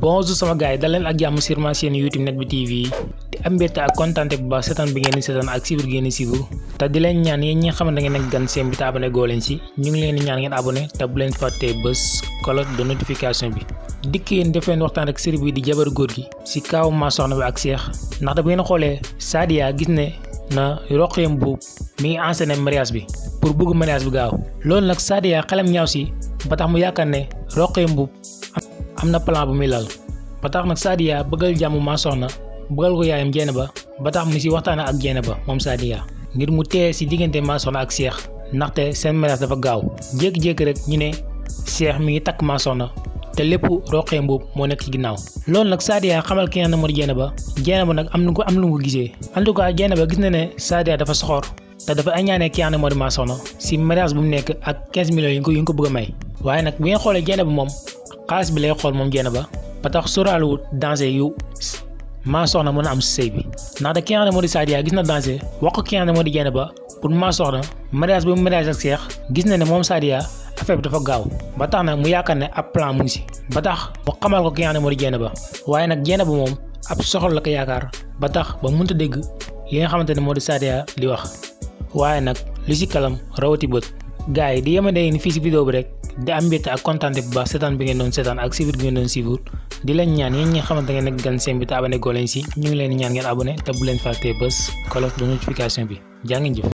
bonjour sama gars yi dal leen ak jàmm sur ma chaîne YouTube Net Bi TV di am mbégte ak kontaan bu baax seetaan bi ngeen seetaan ak sibir ngeen sibir te di ñaan yéen ñi xamante ne gan seen bi te abonné ñu ngi leen di ñaan ngeen abonné te bu leen fàttee bés cloche de notification bi. dikk yéen def leen waxtaan rek série di jabar góor gi si kaaw ma soxna bi ak Cheikh ndax da ngeen xoolee Sadia gis ne na roqeem boobu mi ngi enseigné mariage bi si am na plan bu muy lal ba tax nag Sadia bëggal jàmm maa soxna bëggal ko yaayam Jeynaba ba tax mu si waxtaana ak Jeynaba moom Sadia ngir mu teye si diggante maa soxna ak Cheikh ndaxte seen mariage dafa gaaw jékki jékk rek ñu ne Cheikh mi ngi takk maa na te lépp roqee mboobu moo nekk ci ginnaaw loolu nag Sadia xamal ki nga xam ne moo ba Jeynaba Jeynaba nag am na ko am lu ko gisee en tout cas Jeynaba gis na ne Sadia dafa soxor te dafa añaane ki nga moo di maa si mariage bu mu nekk ak 15 millions yi ko yi ko bëgg may xaalis bi lay xool moom génn ba ba tax sóoraaluwut danger yu maa soxna mën a am sëy bi ndaxte ki nga ne moo di Sadia gis na danger wax ko ki nga ne moo di génn ba pour maa soxna mariage bi mu mariage ak gis na ne moom Sadia affaire bi dafa gaaw ba tax mu yaakaar ne ab plan mu si ba tax mu xamal ko ki nga xam ba waaye nag génn ba moom ab soxla la ko yaakaar ba tax ba mënut a dégg li nga xamante ne moo di Sadia di wax waaye nag lu si kalam rawati bët gars yi di yemandee fii si vidéo bi rek. di am mbégte ak kontante bu baax seetaan bi ngeen doon seetaan ak suivre bi ngeen doon suivre di leen ñaan yéen ñi nga xamante ne gan seen te abonné goo leen si ñu ngi leen ñaan ngeen abonné te bu leen fàttee bés cloche de notification bi jaa jëf.